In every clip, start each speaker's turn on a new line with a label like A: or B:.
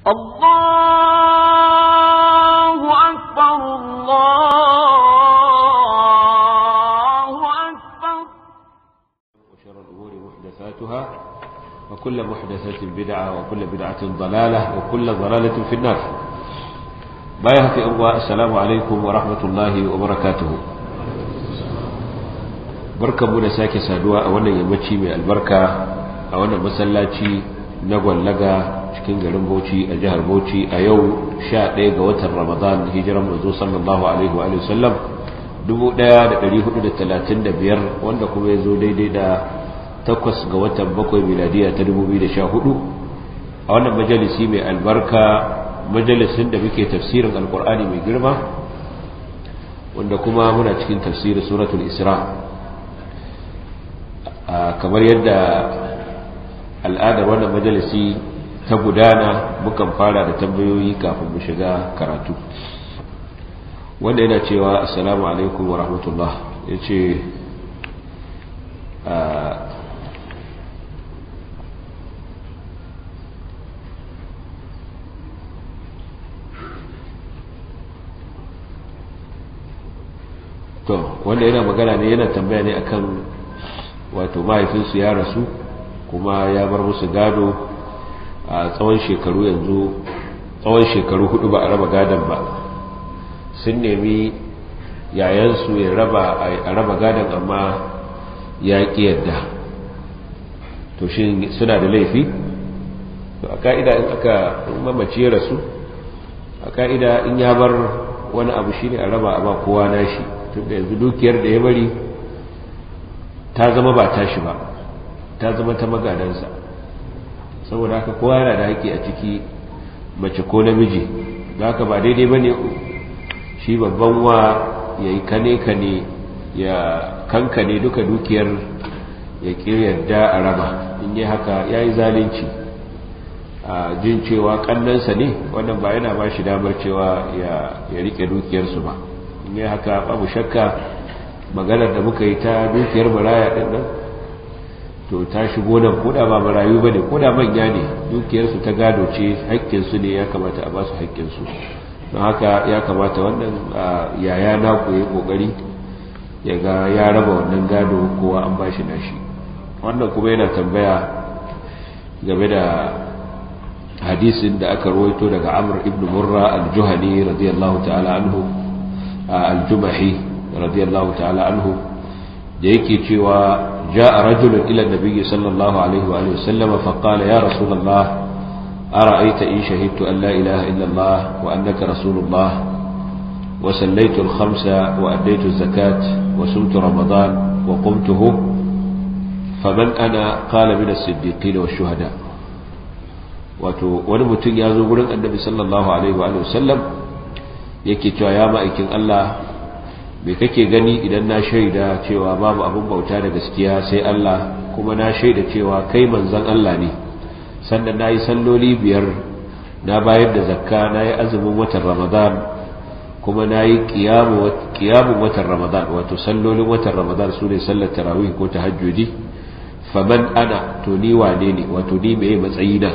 A: الله أكبر الله أكبر
B: وشر الأمور محدثاتها وكل محدثة بدعة وكل بدعة ضلالة وكل ضلالة في النار بايهة أبواء السلام عليكم ورحمة الله وبركاته barkanmu da sake saduwa a يمتشي من البركة albarka a wannan masallaci na cikin garin Bauchi a jihar Bauchi a yau 11 ga watan Ramadan hijiran manzo sallallahu alaihi wa alihi sallam 1435 wanda kuma ya zo daidai da 8 ga watan 7 miladiya ta 2014 a wannan majalisi mai albarka majalisin da muke tafsirin alqur'ani mai girma wanda kuma muna cikin tafsirin suratul isra kamar yadda al'adar wannan majalisi ta gudana mukan fara da tambayoyi kafin mu shiga karatu wanda yana cewa assalamu alaikum wa rahmatullah ya ce ah, wanda yana magana ne yana tambaya ne akan wato mahaifinsu ya rasu kuma ya bar musu gado a tsawon shekaru yanzu tsawon shekaru hudu ba a raba gadon ba sun nemi yayansu ya raba a raba gadon amma ya ƙi yadda to shi suna da laifi to a ka'ida in aka mamaci ya rasu a ka'ida in ya bar wani abu shi ne a raba a ba kowa nashi tun da yanzu dukiyar da ya bari ta zama ba tashi ba ta zama ta magadansa saboda haka kowa yana da haƙƙi a ciki mace ko namiji za ka ba daidai ba ne shi babban wa ya yi kane-kane ya kankane duka dukiyar ya yarda a raba in yi haka ya yi zalunci a jin cewa ƙannansa ne wannan ba yana ba shi damar cewa ya riƙe dukiyarsu ba in yi haka babu shakka maganar da muka yi ta dukiyar maraya ɗin nan to ta shigo nan koda ba marayu ba ne koda manya ne dukiyarsu ta gado ce haƙƙinsu ne ya kamata a ba su haƙƙinsu don haka ya kamata wannan yaya na ku yi ƙoƙari ya ga ya raba wannan gado kowa an ba shi nashi wannan kuma yana tambaya game da hadisin da aka rawaito daga Amur ibn murra al-juhani radiyallahu ta'ala anhu al-jumahi radiyallahu ta'ala anhu da yake cewa جاء رجل إلى النبي صلى الله عليه وآله وسلم فقال يا رسول الله أرأيت إن شهدت أن لا إله إلا الله وأنك رسول الله وسليت الخمسة وأديت الزكاة وسمت رمضان وقمته فمن أنا قال من الصديقين والشهداء wato wani mutum ya zo gurin annabi sallallahu alaihi wa sallam yake cewa ya ma'aikin Allah bai kake gani idan na shaida cewa babu abin bauta da gaskiya sai Allah kuma na shaida cewa kai manzon Allah ne sannan na yi salloli biyar na bayar da zakka na yi azumin watan ramadan kuma na yi ƙiyamun watan ramadan wato sallolin watan ramadan su ne sallar tarawih ko ta hajjoji faman ana to ni wane ne wato ni mai matsayina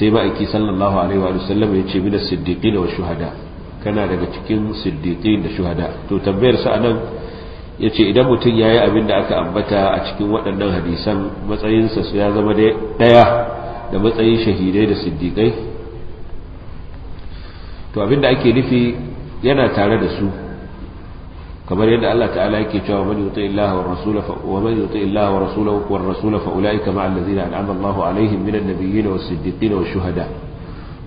B: sai ma'aiki sallallahu alaihi wa sallam ya ce minas siddiqina wa shuhada kana daga cikin siddiqi da shuhada to tambayar sa anan yace idan mutum yayi abin da aka ambata a cikin waɗannan hadisan matsayin sa ya zama daya da matsayin shahidai da siddiqai to abin da ake nufi yana tare da su kamar yadda Allah ta'ala yake cewa man yuti illaha wa rasula fa wa man yuti illaha wa rasulahu wa rasula fa ulaika ma'a allazina an'ama Allahu alaihim minan nabiyyin was siddiqin wash shuhada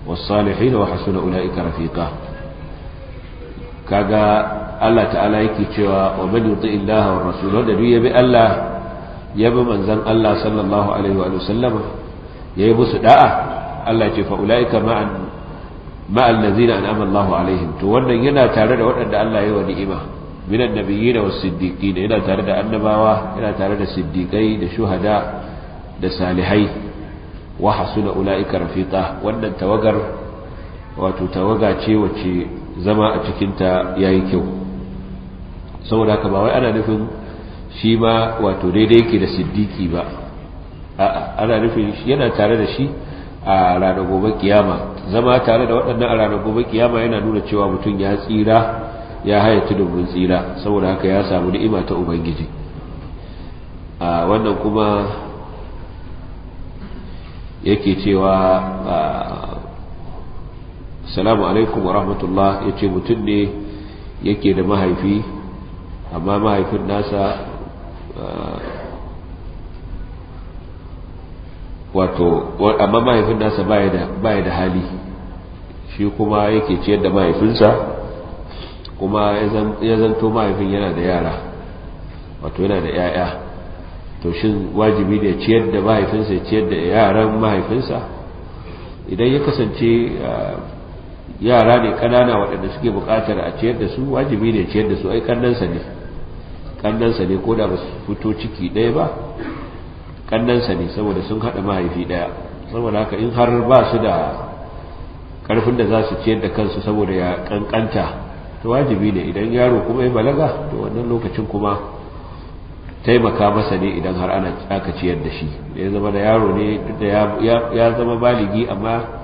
B: was salihin wa hasuna ulaika rafiqa kaga Allah ta'ala yake cewa wa man yuti illaha wa rasulahu da duk yabi Allah yabi manzon Allah sallallahu alaihi wa sallama yayi musu da'a Allah ce fa ulaika ma'an ma'al ladzina an'ama Allahu alaihim to wannan yana tare da waɗanda Allah ya yi wa ni'ima minan nabiyyin was siddiqin yana tare da annabawa yana tare da siddiqai da shuhada da salihai wa hasuna ulaika rafiqa wannan tawagar wato tawaga ce zama a cikinta ya yi kyau saboda haka ba wai ana nufin shi ma wato daidai yake da siddiki ba a'a ana nufin yana tare da shi a ranar gobe kiyama zama tare da waɗannan a ranar gobe kiyama yana nuna cewa mutum ya tsira ya haya tudun tsira saboda haka ya samu ni'ima ta ubangiji a wannan kuma yake cewa salamu alaikum wa rahmatullah ya ce mutum ne yake da mahaifi amma mahaifin nasa uh, wato amma mahaifin nasa baya da hali shi kuma yake ciyar da mahaifinsa kuma ya zanto mahaifin yana da yara wato yana da 'ya'ya to shi wajibi ne ciyar da mahaifinsa ciyar da yaran mahaifinsa idan ya kasance uh, yara ne kanana waɗanda suke buƙatar a ciyar da su wajibi ne ciyar da su ai kannansa ne kannansa ne ko da ba su fito ciki ɗaya ba kannansa ne saboda sun haɗa mahaifi ɗaya saboda haka in har ba su da ƙarfin da za su ciyar da kansu saboda ya ƙanƙanta to wajibi ne idan yaro kuma ya balaga to wannan lokacin kuma taimaka masa ne idan har ana aka ciyar da shi ya zama da yaro ne duk da ya zama baligi amma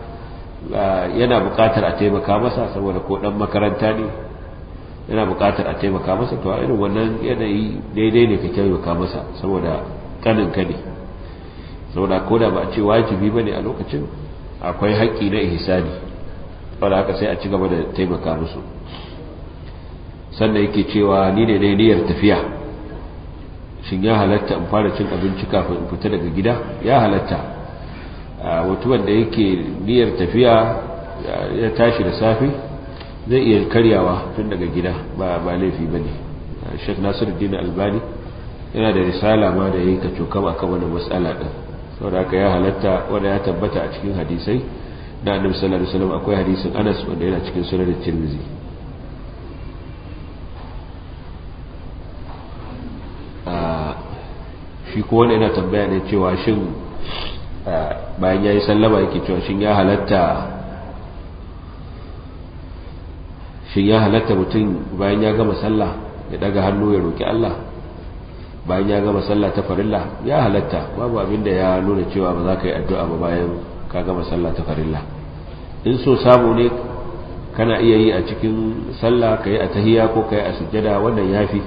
B: yana buƙatar a taimaka masa saboda ko ɗan makaranta ne yana buƙatar a taimaka masa to a irin wannan yanayi daidai ne ka taimaka masa saboda kanin ka ne saboda ko da ba a ce wajibi ba ne a lokacin akwai haƙƙi na ihsani wanda haka sai a ci gaba da taimaka musu sannan yake cewa ni ne dai niyyar tafiya shin ya halatta in fara cin abinci kafin in fita daga gida ya halatta mutumin da yake niyyar tafiya ya tashi da safe zai iya karyawa tun daga gida ba ba laifi bane Sheikh Nasiruddin Albani yana da risala ma da yake cokam akan wannan matsala din saboda haka ya halatta wanda ya tabbata a cikin hadisai da Annabi sallallahu alaihi wasallam akwai hadisin Anas wanda yana cikin sunan Tirmidhi shi ko wanda yana tambaya ne cewa shin Eh, bayan ya yi sallama yake cewa shin ya halatta shin ya halatta mutum bayan ya gama sallah ya daga hannu ya roki Allah bayan ya gama sallah ta farilla ya halatta babu abin da ya nuna cewa ba za ka yi addu'a ba bayan ka gama sallah ta farilla in so samu ne kana iya yi a cikin sallah ka yi a tahiya ko ka yi a sujjada wannan ya fi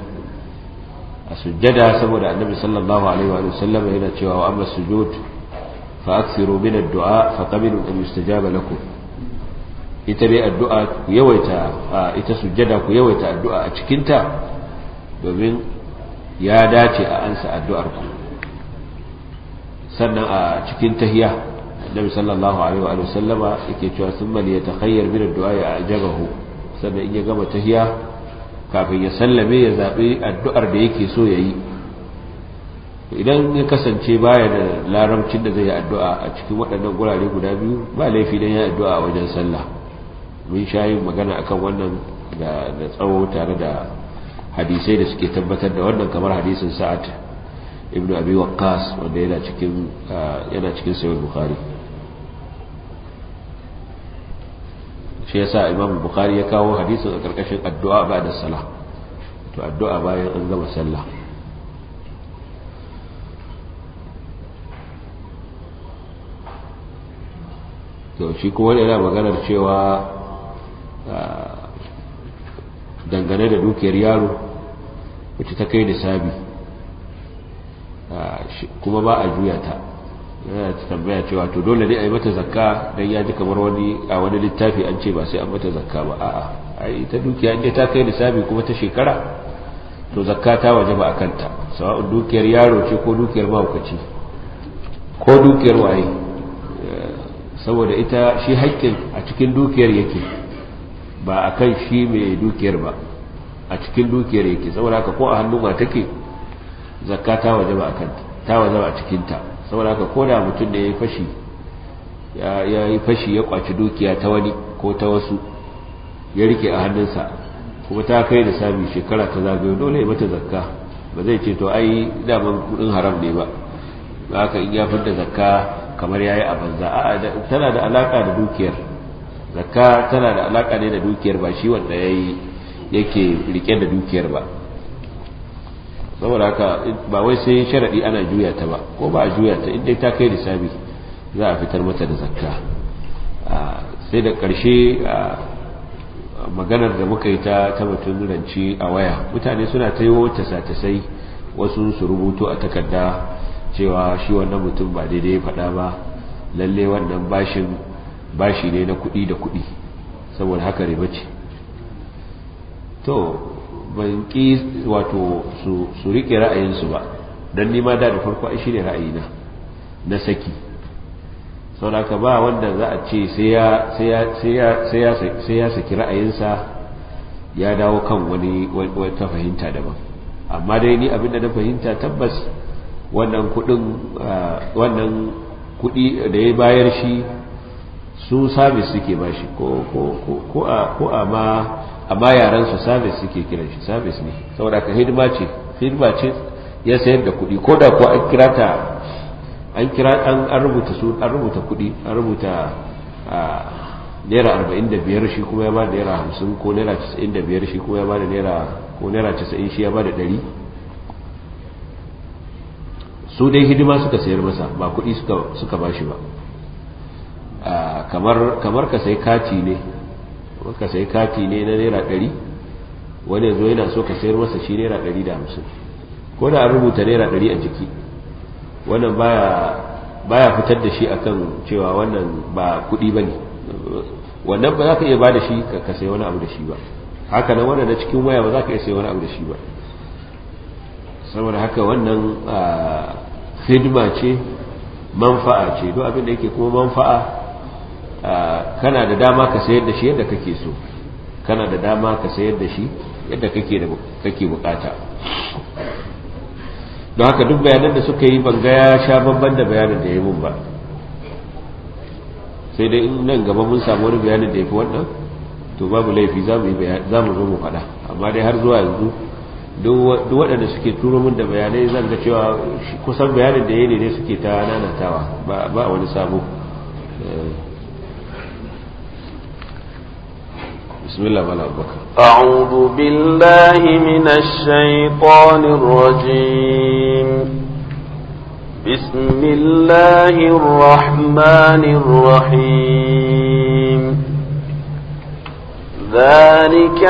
B: a sujjada saboda annabi sallallahu alaihi wa sallam yana cewa wa amma sujud فأكثروا من الدعاء فقبلوا أن يستجاب لكم ita dai addu'a ku yawaita ita sujjada ku yawaita addu'a a cikinta domin ya dace a ansa addu'ar ku sannan a cikin tahiya annabi sallallahu alaihi wa sallama yake cewa summa li yatakhayyar min addu'a ya ajabahu sannan in ya gama tahiya kafin ya sallame ya zabi addu'ar da yake so yayi
A: idan ya kasance baya da
B: laramcin da zai yi addu'a a cikin waɗannan gurare guda biyu ba laifi don ya addu'a a wajen sallah mun sha yin magana akan wannan da tsawo tare da hadisai da suke tabbatar da wannan kamar hadisin sa'ad ibn abi waqqas wanda yana cikin yana cikin sahih bukhari shi yasa imam bukhari ya kawo hadisin a karkashin addu'a ba da sallah to addu'a bayan an gama sallah to shi kuma yana maganar cewa dangane da dukiyar yaro wacce ta kai da sabi kuma ba a juya ta yana tambaya cewa to dole ne a yi mata zakka don ya ji kamar wani a wani littafi an ce ba sai an mata zakka ba a'a a ta dukiya inda ta kai sabi kuma ta shekara to zakka ta waje ba a kanta sawa'un dukiyar yaro ce ko dukiyar mahaukaci ko dukiyar waye saboda ita shi haƙƙin a cikin dukiyar yake ba a kan shi mai dukiyar ba a cikin dukiyar yake saboda haka ko a hannun ba take zakka ta waje ba a kan ta waje ba a cikinta saboda haka ko da mutum da ya yi fashi ya yi kwaci dukiya ta wani ko ta wasu ya rike a hannunsa kuma ta kai da sami shekara ta zagayo dole ya mata zakka ba zai ce to ai daman kudin haram ne ba ba haka in ya fadda zakka kamar ya yi a banza a tana da alaƙa da dukiyar zakka tana da alaƙa ne da dukiyar ba shi wanda ya yi yake rike da dukiyar ba saboda haka ba wai sai sharaɗi ana juya ta ba ko ba a juya ta inda ta kai lissabi za a fitar mata da zakka sai da ƙarshe maganar da muka yi ta tabbatun ranci a waya mutane suna ta yi wata wasu su rubutu a takarda cewa shi wannan mutum ba daidai faɗa ba lalle wannan bashin bashi ne na kuɗi da kuɗi saboda haka riba ce to ban ƙi wato su riƙe ra'ayinsu ba don nima da da farko shi ne ra'ayina na saki sau da ba wanda za a ce sai ya saki ra'ayinsa ya dawo kan wani ta fahimta daban amma dai ni abinda na fahimta tabbas wannan kudin wannan kudi da ya bayar shi su service suke ba shi ko a ma a ma su sabis suke kiran shi service ne saboda ka hidima ce hidima ce ya sayar da kudi ko da ko an kira ta an kira an rubuta su an rubuta kudi an rubuta naira arba'in da biyar shi kuma ya ba da naira hamsin ko naira casa'in da biyar shi kuma ya ba da naira ko naira casa'in shi ya ba da ɗari su dai hidima suka sayar masa ba kuɗi suka ba shi ah, ba kamar ka sai kati ne ka sai kati ne na naira ɗari wani yanzu yana so ka sayar masa shi naira ɗari da hamsin ko da rubuta naira ɗari a jiki wannan baya fitar da shi akan cewa wannan ba kuɗi ba ne wannan ba za ka iya ba da shi ka sai wani abu da shi ba haka nan wannan na cikin waya ba za ka iya sai wani abu da shi ba saboda haka wannan hidima ce manfa'a ce duk abin da yake kuma manfa'a kana da dama ka sayar da shi yadda kake so kana da dama ka sayar da shi yadda kake da kake bukata don haka duk bayanan da suka yi banga ya sha babban da bayanan da ya mun ba sai dai in nan gaba mun samu wani bayanin da ya fi wannan to babu laifi za mu zo mu faɗa amma dai har zuwa yanzu duk waɗanda suke turo min da bayanai zan ga cewa kusan bayanin da ya ne suke ta nanatawa ba wani sabo بسم الله ولا
A: أعوذ بالله من الشيطان الرجيم بسم الله الرحمن الرحيم ذلك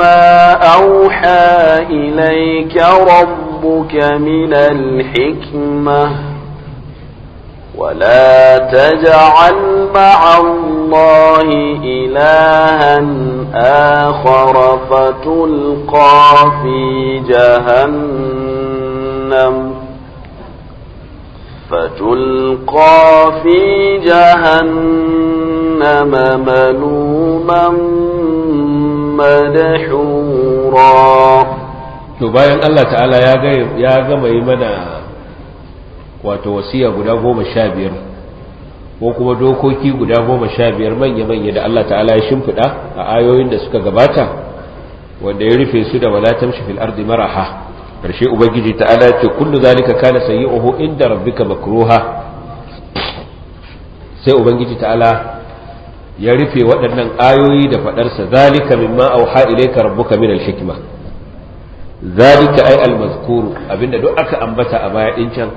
A: ما أوحى إليك ربك من الحكمة ولا تجعل مع الله إلها آخر فتلقى في جهنم فتلقى في جهنم ملوما madahura to bayan Allah ta'ala ya
B: gama yi mana wato wasiya guda goma sha biyar ko kuma dokoki guda goma sha biyar manya-manya da Allah ta'ala ya shimfiɗa a ayoyin da suka gabata wanda ya rufe su da wala tamshi fil ardi maraha karshe ubangiji ta'ala ya ce kullu zalika kana sayyi'uhu inda rabbika makruha sai ubangiji ta'ala ya rufe waɗannan ayoyi da faɗarsa zalika mimma auha ilayka rabbuka min al-hikma zalika ay al-mazkuru abinda duk aka ambata a baya din can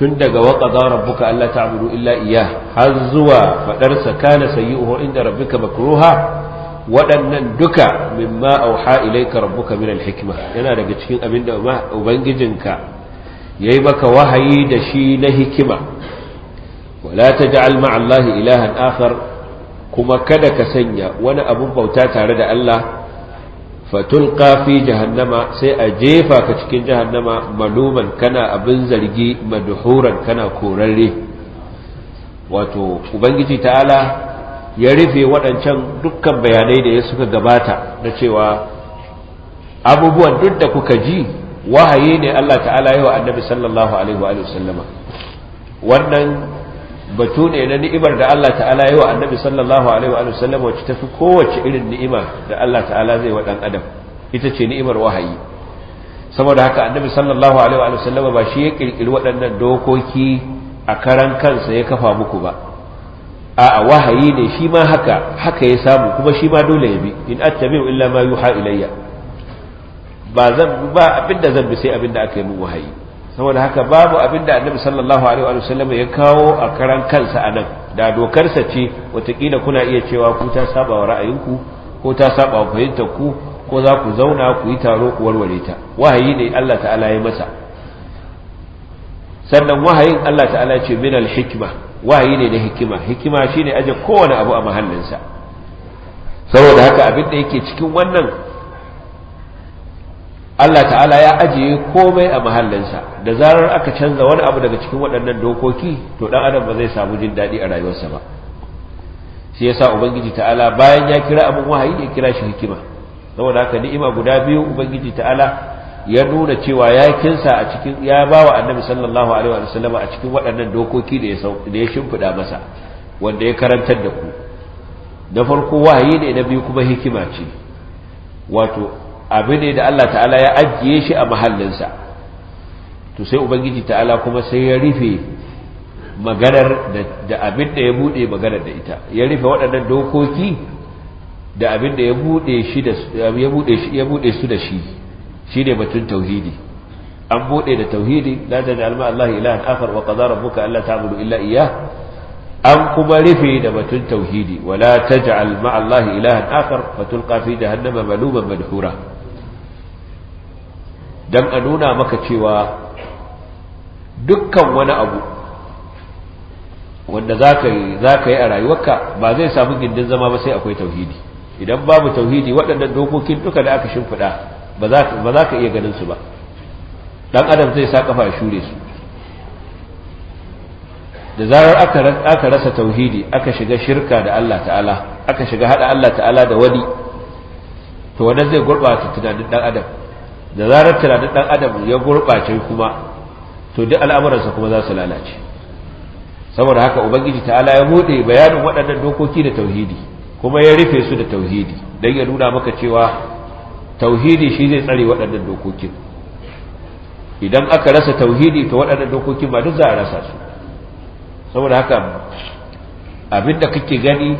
B: tun daga wa qada rabbuka alla ta'budu illa iya har zuwa faɗarsa kana sayyi'uhu inda rabbika makruha waɗannan duka mimma auha ilayka rabbuka min al-hikma yana daga cikin abinda ubangijinka yayi maka wahayi da shi na hikima wala taj'al ma'a allahi ilahan akhar kuma kada ka sanya wani abun bauta tare da Allah fatul kafi jahannama sai a jefa ka cikin jahannama maluman kana abin zargi madhuran kana korarre wato ubangiji ta'ala ya rufe waɗancan dukkan bayanai da ya suka gabata na cewa abubuwan duk da kuka ji wahayi ne Allah ta'ala yau annabi sallallahu alaihi wa sallama wannan batu ne na ni'imar da Allah ta'ala yi wa annabi sallallahu alaihi wa sallam wacce ta fi kowace irin ni'ima da Allah ta'ala zai wa ɗan adam ita ce ni'imar wahayi saboda haka annabi sallallahu alaihi wa sallam ba shi ya ƙirƙiri waɗannan dokoki a karan kansa ya kafa muku ba a'a wahayi ne shi ma haka haka ya samu kuma shi ma dole ya bi in attabi'u illa ma yuha ilayya ba zan ba abinda zan bi sai abinda aka yi min wahayi saboda haka babu abin da annabi sallallahu alaihi wa sallam ya kawo a karan kansa a nan da dokarsa ce watakila kuna iya cewa ku ta saba wa ra'ayinku ko ta saba wa fahimtar ku ko za ku zauna ku yi taro ku warware ta wahayi ne Allah ta'ala ya masa sannan wahayin Allah ta'ala ce min al-hikma wahayi ne da hikima hikima shine aje kowane abu a mahallinsa saboda haka abin da yake cikin wannan Allah ta'ala ya ajiye komai a mahallinsa da zarar aka canza wani abu daga cikin waɗannan dokoki to ɗan adam ba zai samu jin daɗi a rayuwarsa ba shi yasa ubangiji ta'ala bayan ya kira abin wahayi ya kira shi hikima saboda haka ni'ima guda biyu ubangiji ta'ala ya nuna cewa ya kinsa a cikin ya ba wa annabi sallallahu alaihi wa sallam a cikin waɗannan dokoki da ya shimfiɗa masa wanda ya karantar da ku na farko wahayi ne na biyu kuma hikima ce wato abu ne da Allah ta'ala ya ajiye shi a mahallinsa to sai ubangiji ta'ala kuma sai ya rufe maganar da abin da ya buɗe maganar da ita ya rufe waɗannan dokoki da abin da ya buɗe su da shi shi ne batun tauhidi an buɗe da tauhidi la ta ja'alma Allah ilahan akhar wa qadara rabbuka alla ta'budu illa iyyah an kuma rufe da batun tauhidi wala taj'al ma Allah ilahan akhar fa tulqa fi jahannama maluman madhura don a nuna maka cewa dukkan wani abu
A: wanda za ka yi a rayuwarka ba zai samu gindin zama ba sai akwai tauhidi idan babu tauhidi waɗannan dokokin duka da aka shimfiɗa
B: ba za ka iya ganin su ba ɗan adam zai sa ƙafa ya shure su da zarar aka rasa tauhidi aka shiga shirka da Allah ta'ala aka shiga hada Allah ta'ala da wani to wannan zai gurbata tunanin dan adam da zarar tunanin ɗan adam ya gurɓace kuma to duk al'amuransa kuma za su lalace saboda haka ubangiji ta'ala ya buɗe bayanin waɗannan dokoki da tauhidi kuma ya rufe su da tauhidi don ya nuna maka cewa tauhidi shi zai tsare waɗannan dokokin idan aka rasa tauhidi to waɗannan dokokin ba duk za a rasa su saboda haka abin da kake gani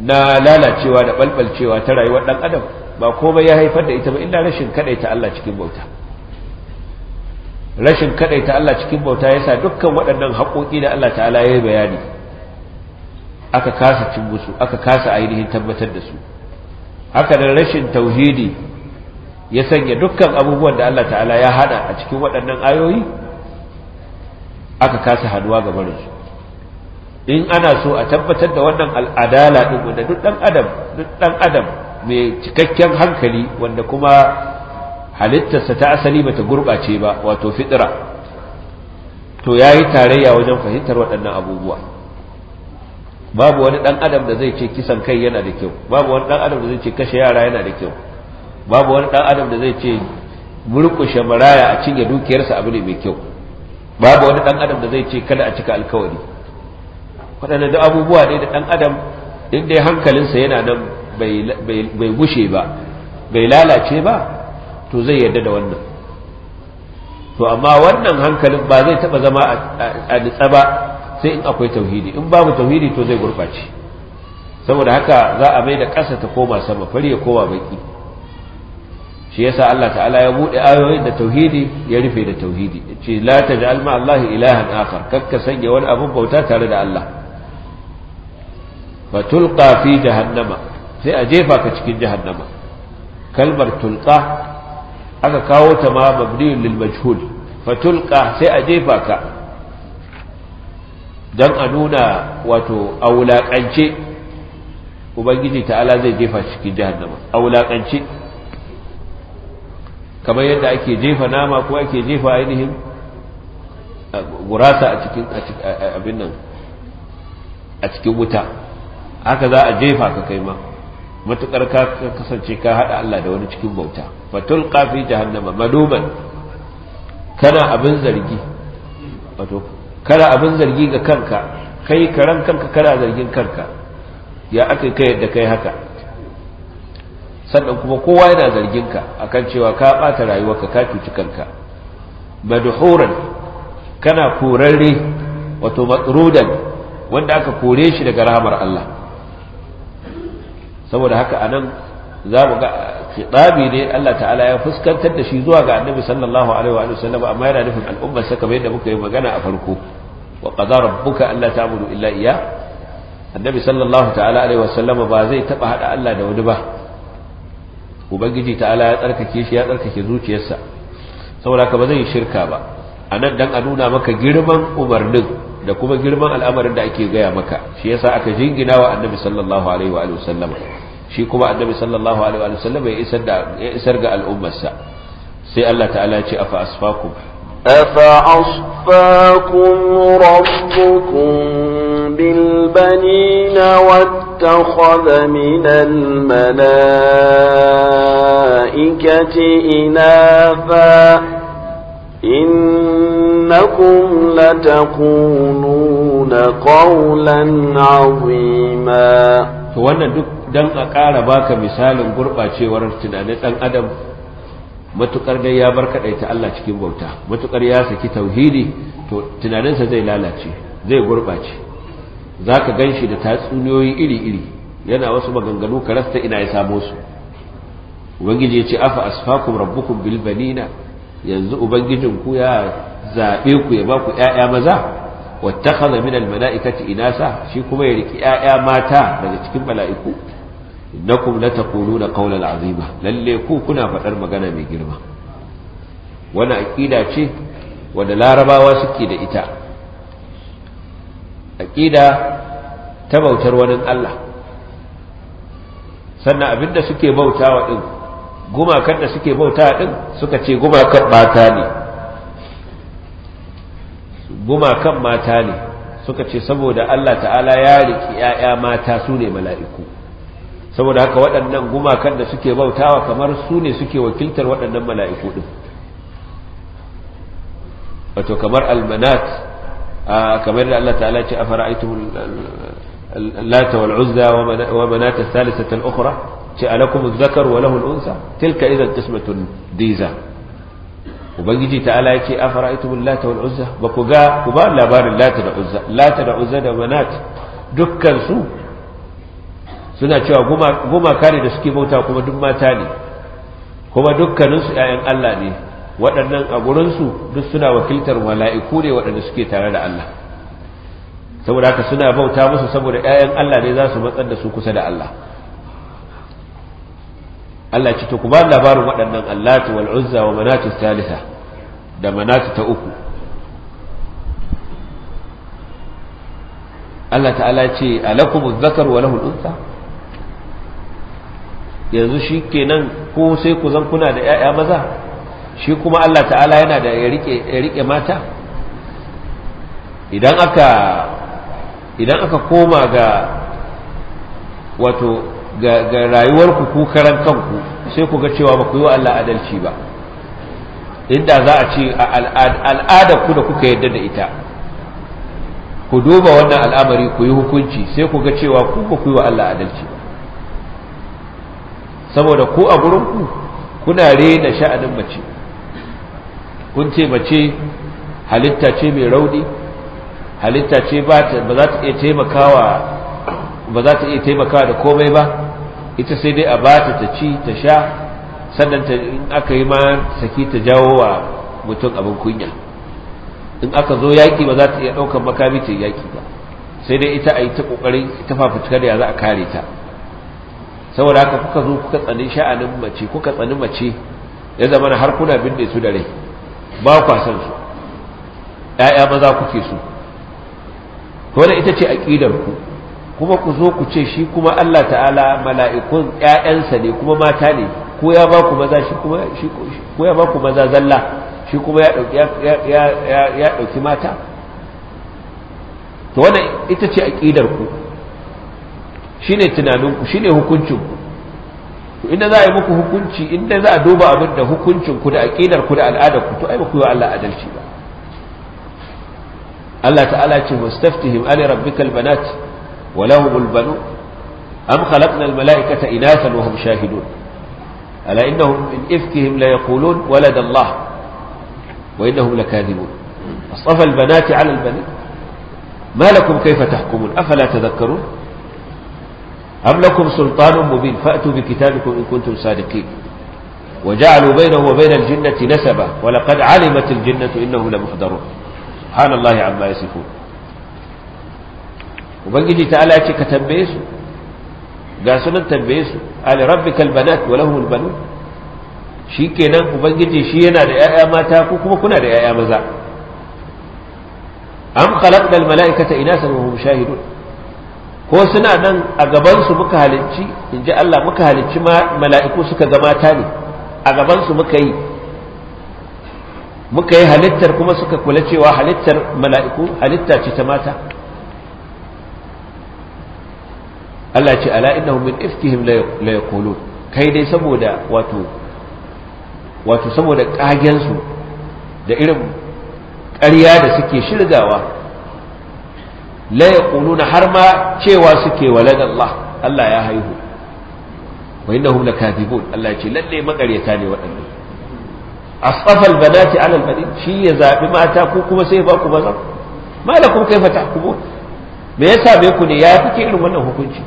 B: na lalacewa da ɓalɓalcewa ta rayuwar ɗan adam ba komai ya haifar da ita ba inda rashin kadaita Allah cikin bauta rashin kadaita Allah cikin bauta yasa dukkan waɗannan haƙoƙi da Allah ta'ala ya yi bayani aka kasa cin musu aka kasa ainihin tabbatar da su haka da rashin tauhidi ya sanya dukkan abubuwan da Allah ta'ala ya hada a cikin waɗannan ayoyi aka kasa haduwa ga barinsu in ana so a tabbatar da wannan al'adala ɗin da duk ɗan adam duk ɗan adam mai cikakken hankali wanda kuma halittarsa ta asali bata gurɓace ba wato fitira to ya yi tarayya wajen fahimtar waɗannan abubuwa babu wani ɗan adam da zai ce kisan kai yana da kyau babu wani ɗan adam da zai ce kashe yara yana da kyau babu wani ɗan adam da zai ce murƙushe maraya a cinye dukiyarsa abu ne mai kyau babu wani ɗan adam da zai ce kada a cika alkawari waɗannan da abubuwa ne da ɗan adam in dai hankalinsa yana nan bai gushe ba bai lalace ba to zai yarda da wannan to amma wannan hankalin ba zai taba zama a nitsa ba sai in akwai tauhidi in babu tauhidi to zai gurɓace saboda haka za a mai da ƙasa ta koma sama fari ya koma baki shi yasa Allah ta'ala ya bude ayoyin da tauhidi ya rufe da tauhidi ce la taj'al ma Allah ilahan akhar kakka sanya wani abun bauta tare da Allah fa tulqa fi jahannama sai a jefa ka cikin jahannama kalmar tulqa aka kawo ta ma mabniyun lil majhul fa tulqa sai a jefa ka dan a nuna wato a wulaƙance ubangiji ta'ala zai jefa cikin jahannama a kamar yadda ake jefa nama ko ake jefa ainihin gurasa a cikin abin nan a cikin wuta haka za a jefa ka kai ma matukar ka kasance ka hada Allah da wani cikin bauta fatul qafi jahannama maduman kana abin zargi wato kana abin zargi ga kanka kai karan kanka kana zargin kanka ya aka kai yadda kai haka sannan kuma kowa yana zargin ka akan cewa ka bata rayuwarka ka cuci kanka madhuran kana kurarre wato matrudan wanda aka kore shi daga rahamar Allah saboda haka anan za mu ga khitabi ne Allah ta'ala ya fuskantar da shi zuwa ga annabi sallallahu alaihi wa sallam amma yana nufin al'ummarsa sa kamar yadda muka yi magana a farko wa qadara rabbuka alla ta'budu illa iya annabi sallallahu ta'ala alaihi wa sallam ba zai taba hada Allah da wani ba ubangiji ta'ala ya tsarkake shi ya tsarkake zuciyarsa saboda haka ba zai shirka ba anan dan a nuna maka girman umarnin da kuma girman al'amarin da ake gaya maka shi yasa aka jingina wa annabi sallallahu alaihi wa alihi wasallam shi kuma annabi sallallahu alaihi wa alihi wasallam ya isar da ya isar ga al'ummarsa sai Allah ta'ala ya ce afa asfaqu
A: afa asfakum rabbukum bil banina wattakhadha min al malaikati inafa إنكم لتقولون قولا عظيما wannan duk dan a ƙara baka
B: misalin gurɓacewar tunanin ɗan adam matukar dai ya bar ta Allah cikin bauta matukar ya saki tauhidi to tunaninsa zai lalace zai gurɓace za ka da tatsuniyoyi iri-iri yana wasu maganganu karasta ina ya samo su ubangiji ya ce afa asfakum rabbukum bil banina yanzu ubangijinku ya zaɓe ku ya ba ku ‘ya'ya maza wata haza min ina sa shi kuma ya riki ‘ya'ya mata daga cikin mala'iku innakum la taquluna qawlan azima lalle ku kuna faɗar magana mai girma wani aƙida ce wanda larabawa suke da ita aƙida ta bautar wani Allah sannan abinda suke bautawa din gumakan da suke bautawa ɗin suka ce gumakan mata ne gumakan mata ne suka ce saboda Allah ta'ala ya riki ‘ya'ya mata su ne mala'iku saboda haka waɗannan gumakan da suke bautawa kamar su ne suke wakiltar waɗannan mala'iku ɗin wato kamar almanat kamar da Allah ta'ala ce a fara'aitun lata wal'uzza wa manata salisatan ukura ce alakumun zakar wa lahun unsa tilka idan kismatun diza ubangiji ta ya ce afara'aytum lata wal uzza ba ku ga ku ba labarin lata da uzza lata da uzza da manat dukkan suna cewa gumaka ne da suke bauta kuma duk mata ne kuma dukkaninsu 'ya'yan Allah ne waɗannan a gurinsu duk suna wakiltar mala'iku ne waɗanda suke tare da Allah saboda haka suna bauta musu saboda 'ya'yan Allah ne za su matsar da su kusa da Allah Allah ce to ku ba labarin waɗannan allatu wal uzza wa manati salisa da manati ta uku Allah ta'ala ce alakum zakar wa lahu unsa yanzu shi kenan ko sai ku zan kuna da 'ya'ya maza shi kuma Allah ta'ala yana da ya rike mata idan aka idan aka koma ga wato ga rayuwarku ku karan kanku sai ku ga cewa ba ku yi wa Allah adalci ba inda za a ce al'adar ku da kuka yadda da ita ku duba wannan al'amari ku yi hukunci sai ku ga cewa ku ba ku yi wa Allah adalci ba saboda ku a gurinku kuna rena sha'anin mace kun ce mace halitta ce mai rauni halitta ce ba za ta iya taimakawa ba za ta iya taimakawa da komai ba ita sai dai a bata ta ci ta sha sannan ta in aka yi ma saki ta jawo wa mutum abin kunya in aka zo yaƙi ba za ta iya ɗaukar makami ta yaki ba sai dai ita a yi ta ƙoƙari ta ita da ya za a kare ta saboda haka kuka zo kuka tsanin sha'anin mace kuka tsanin mace ya zama na har kuna binne su da rai ba kwa san su ‘ya'ya maza kuke su ko da ita ce aƙidar ku kuma ku zo ku ce shi kuma Allah ta'ala mala'ikun ƴaƴansa ne kuma mata ne ko ya ba ku maza shi kuma shi ko ya ba ku maza zalla shi kuma ya dauki ya ya dauki mata to wannan ita ce aqidar ku shine tunanin ku shine hukuncin ku to inda za a yi muku hukunci inda za a duba abin da hukuncin ku da aqidar ku da al'adar ku to ai ba ku yi Allah adalci ba Allah ta'ala ce mustaftihim ali rabbikal banat ولهم البنون أم خلقنا الملائكة إناثا وهم شاهدون ألا إنهم من إفكهم ليقولون ولد الله وإنهم لكاذبون أصطفى البنات على البنين ما لكم كيف تحكمون أفلا تذكرون أم لكم سلطان مبين فأتوا بكتابكم إن كنتم صادقين وجعلوا بينه وبين الجنة نسبا ولقد علمت الجنة إنهم لمحضرون سبحان الله عما يصفون ubangiji ala ce ka tambaye su ga sunan tambaye su ali rabbikal banat wa lahumul banun shikenan ubangiji shi yana da yaya mata ko kuma kuna da yaya maza am khalaqna al ina inasan wa hum shahidun ko suna nan a gaban su muka halicci inji Allah muka halicci mala'iku suka ga mata ne a gaban su muka yi muka yi halittar kuma suka kula cewa halittar mala'iku halitta ce ta mata Allah ce ala innahum min ifkihim la yaqulun kai dai saboda wato wato saboda kagen su da irin ƙarya da suke shirgawa la yaquluna har ma cewa suke walad Allah Allah ya haihu wa innahum lakadibun Allah ce lalle makaryata ne waɗannan asfafa albanati ala albanin shi ya zabi mata ko kuma sai ba ku maza malakum kaifa tahkumun me yasa me ku ne ya fike irin wannan hukunci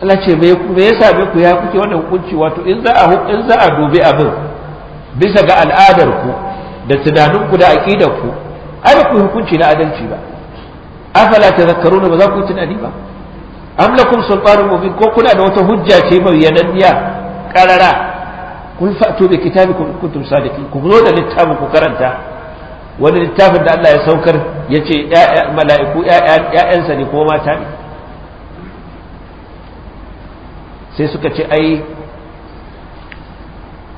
B: Allah ce me ya sami ku ya kuke wannan hukunci wato in za a in za a dubi abin bisa ga al'adar ku da tunanin ku da aqidar ku ai ku hukunci na adalci ba afala tadhakkaruna ba za ku tunani ba am lakum sultanun mubin ko kuna da wata hujja ce yananniya karara kun fa'tu bi kitabikum kuntum sadiqin ku zo da littafin ku karanta wani littafin da Allah ya saukar yace mala'iku ya'yansa ne ko mata ne sai suka ce ai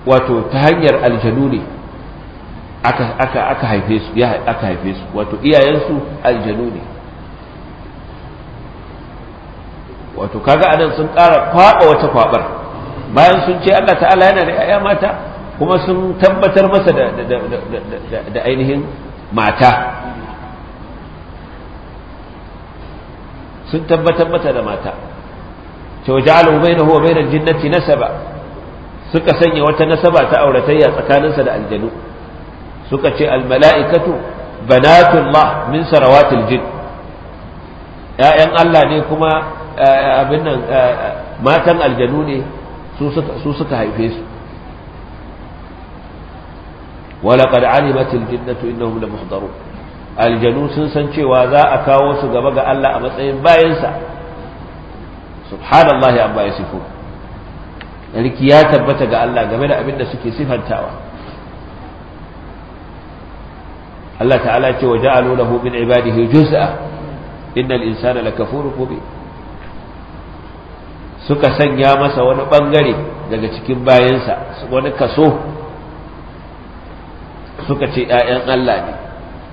B: wato ta hanyar aljanu ne aka haife su ya aka haife su wato iyayensu aljanu ne wato kaga anan sun ƙara kwaɓa wata kwaɓar bayan sun ce Allah ta'ala yana da 'ya'ya mata kuma sun tabbatar masa da ainihin mata sun tabbatar mata da mata ce wa ja'alu bainahu wa bainal jinnati nasaba suka sanya wata nasaba ta auratayya tsakaninsa da aljanu suka ce al mala'ikatu banatullah min sarawatil jin ya'yan Allah ne kuma eh, abin nan eh, matan aljanu ne su suka haife su ولقد علمت الجنة إنهم لمحضرون aljanu sun san cewa za a kawo su gaba ga Allah a matsayin bayansa subhanallahi amma yasifu yarki ya tabbata ga Allah game da abin da suke sifantawa Allah ta'ala ce wa ja'alu lahu min ibadihi juz'a innal insana lakafurun mubin suka sanya masa wani bangare daga cikin bayansa wani kaso suka ce ‘ya'yan Allah ne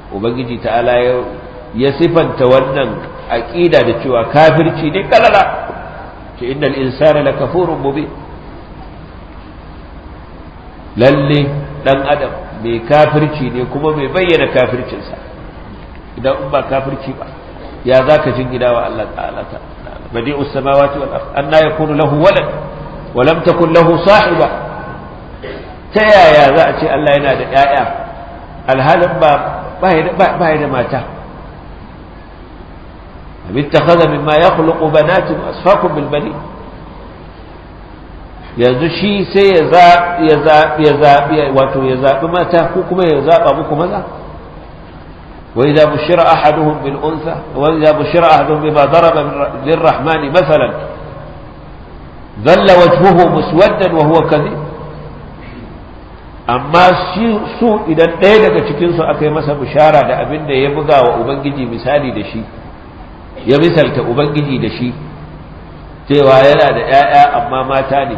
B: Ubangiji ta'ala ya sifanta wannan aƙida da cewa kafirci ne kalala ce innal insana lakafurun mubin lalle dan adam mai kafirci ne kuma mai bayyana kafircinsa idan ba kafirci ba ya za ka jin gida wa Allah ta'ala ta badi'us samawati wal ard anna yakunu lahu walad wa lam takun lahu sahiba ta yaya za a ce Allah yana da ƴaƴa alhalin ba ba da mata أم اتخذ مما يخلق بنات وأسفاكم بالبنين yanzu shi sai ya zaɓi wato ya zaɓi mata ko kuma ya zaɓa muku maza wai za mu shira ahaduhum bil unsa wai za mu shira ahaduhum bima daraba lir rahmani masalan dhalla wajhuhu muswaddan wa huwa kadhib amma su idan ɗaya daga cikin su aka yi masa bishara da abin da ya buga wa ubangiji misali da shi ya misalta ubangiji da shi cewa yana da ‘ya'ya amma mata ne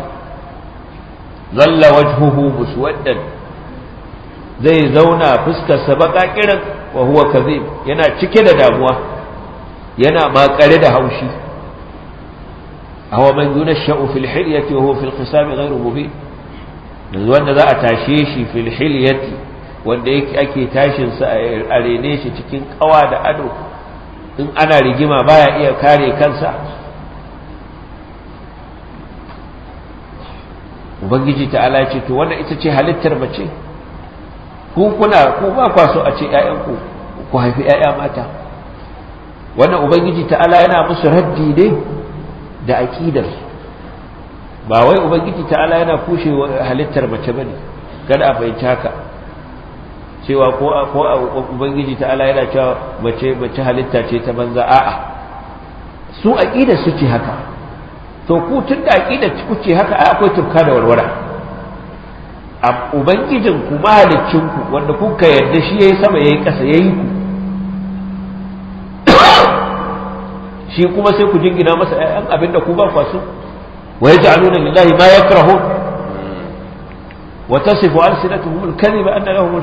B: zalla wajhuhu muswaddan zai zauna fuskarsa baka kiran wa huwa yana cike da damuwa yana makare da haushi awa man yunashsha'u fil hilyati wa huwa fil khisami ghayru mubin wanda za a tashe shi fil hilyati wanda yake ake tashin sa a rene shi cikin kawa da ado in ana rigima baya iya kare kansa ubangiji ta'ala ce to wannan ita ce halittar mace ku kuna ku ba kwa so a ce ƴaƴanku ku haifi ƴaƴa mata wannan ubangiji ta'ala yana musu raddi ne da aqidar ba wai ubangiji ta'ala yana kushe halittar mace bane kada a fahimci haka cewa ko a ko a ubangiji ta ala yana cewa mace mace halitta ce ta banza a'a su aqida suke haka to ku tun da aqida ce haka ai akwai tufka da warwara a ubangijin ku mahaliccin ku wanda kuka yarda shi yayi sama yayi kasa yayi ku shi kuma sai ku jingina masa ayan abin da ku ba su wa yaj'aluna lillahi ma yakrahu wa tasifu alsinatuhum alkadhiba anna lahum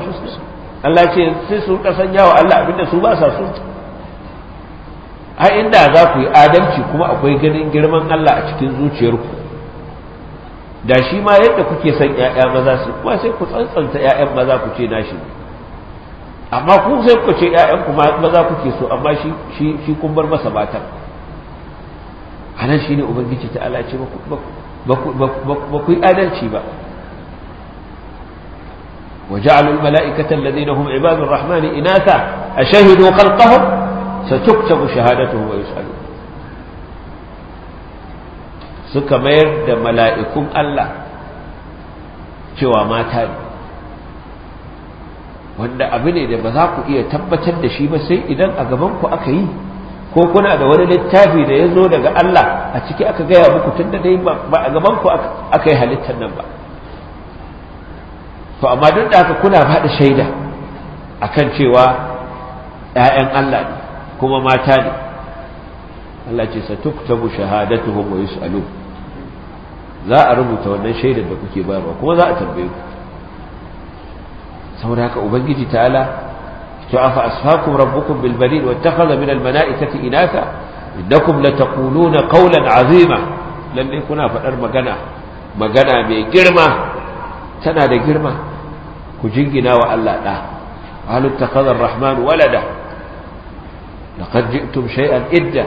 B: Allah ce sai su ka sanya wa Allah abinda su ba sa so ai inda za ku yi adalci kuma akwai ganin girman Allah a cikin zuciyarku da shi ma yadda kuke son ƴaƴa maza su kuma sai ku tsantsanta ƴaƴan maza ku ce nashi amma ku sai ku ce ƴaƴan ku maza kuke so amma shi shi shi kun bar masa matan anan shine ubangiji ta Allah ce ba ku ba ku ba ku yi adalci ba وجعلوا الملائكة الذين هم عباد الرحمن إناثا أشهدوا خلقهم ستكتب شهادتهم ويسألون suka mayar da mala'ikun Allah cewa mata ne wanda abu ne da ba za ku iya tabbatar da shi ba sai idan a gabanku aka yi ko kuna da wani littafi da ya zo daga Allah a ciki aka gaya muku tun da dai ba a gabanku aka yi halittar nan ba to amma duk da haka kuna da shaida akan cewa ‘ya'yan Allah ne kuma mata ne Allah ce satuktabu shahadatuhum wa yus'alu za a rubuta wannan shaidar da kuke bayarwa kuma za a tambaye ku saboda haka ubangiji ta'ala to afa asfakum rabbukum bil barid wa takhadha min al malaikati inatha innakum lataquluna qawlan azima lalle kuna faɗar magana magana mai girma tana da girma كجينا jingina wa قالوا اتخذ الرحمن ولدا لقد جئتم شيئا إدا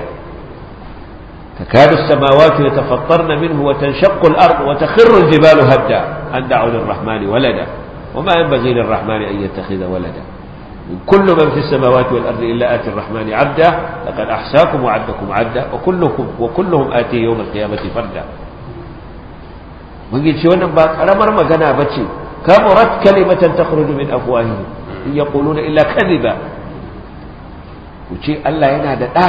B: تكاد السماوات يتفطرن منه وتنشق الأرض وتخر الجبال هدا أن دعوا للرحمن ولدا وما ينبغي للرحمن أن يتخذ ولدا كل من في السماوات والأرض إلا آتي الرحمن عبدا لقد أحساكم وعدكم عبدا وكلكم وكلهم آتي يوم القيامة فردا من ce شو ba أنا magana ba بتشي kamurat kalimatan takhruju min afwahihim in yaquluna illa kadhiba ku ce Allah yana da ɗa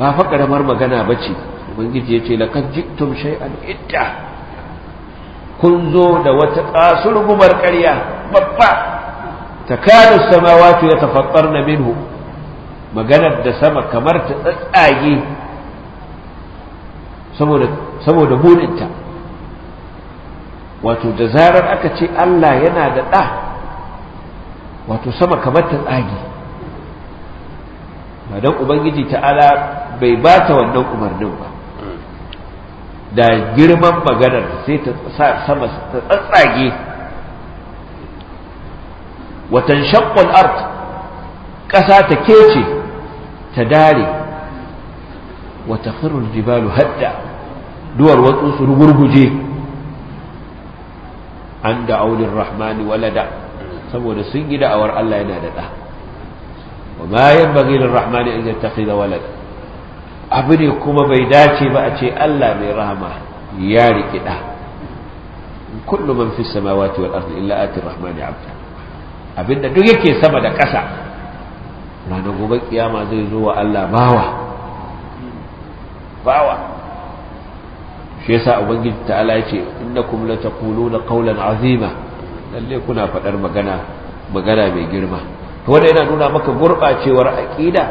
B: ba fa karamar magana ba ce, ubangiji ya ce laqad jiktum shay'an ita. kun zo da wata kasurgumar ƙarya babba takadu samawati na minu maganar da sama kamar ta tsatsage saboda saboda burinta wato da zarar aka ce Allah yana da ɗa wato sama kamar ta tsagi ba don ubangiji ta'ala bai ba ta wannan umarnin ba da girman maganar sai ta sama ta tsatsage watan shakwal art ƙasa ta kece ta dare wata jibalu hadda duwar watsu su rugurguje an da aulin rahmani walada saboda sun yi awar Allah yana da ɗa wa ma in lirrahmani tafi da walada abu ne kuma bai dace ba a ce Allah mai rahama ya riki ɗa kullu man fi samawati wal ardi illa ati rahmani abda abinda duk yake sama da ƙasa ranar gobe kiyama zai zo wa Allah bawa bawa shi yasa ubangiji ta'ala yace innakum la taquluna qawlan azima lalle kuna faɗar magana magana mai girma to wanda yana nuna maka gurbacewar aqida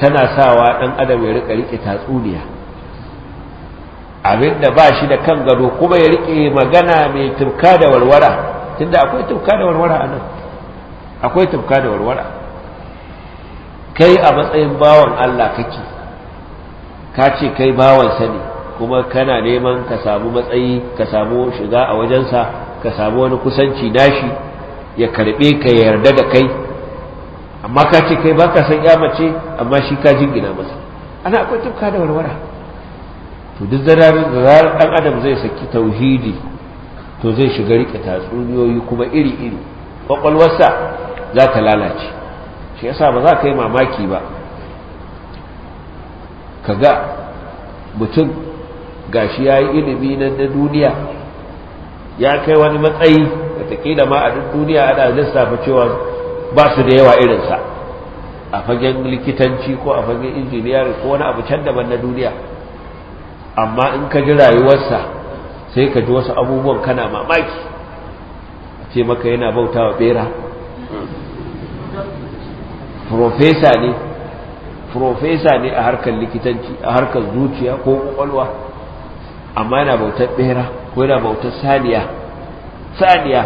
B: tana sawa dan adam ya rika rike tatsuniya da ba shi da kan gado kuma ya rike magana mai tufka da warwara tunda akwai tufka da warwara a nan, akwai tufka da warwara kai a matsayin bawan Allah kake
A: ka ce kai bawansa ne
B: kuma kana neman ka samu matsayi ka samu shiga a wajensa ka samu wani kusanci nashi, ya karbe ka yarda da kai amma ka ce kai ba ka san ya mace amma shi ka jingina masa ana akwai tufka da warwara to duk zararin zarar dan adam zai saki tauhidi to zai shiga rike tatsuniyoyi kuma iri iri kwakwalwarsa za ta lalace shi yasa ba za ka yi mamaki ba ka ga mutum gashi ya yi ilimi na duniya ya kai wani matsayi da watakila ma a duk duniya ana lissafa cewa ba su da yawa irinsa a fagen likitanci ko a fagen injiniyar ko wani abu can daban na duniya amma in ka ji rayuwarsa sai ka ji wasu abubuwan kana mamaki a ce maka yana bautawa wa bera profesa ne profesa ne a harkar likitanci a harkar zuciya ko kwakwalwa amma yana bautar bera ko yana bautar saniya saniya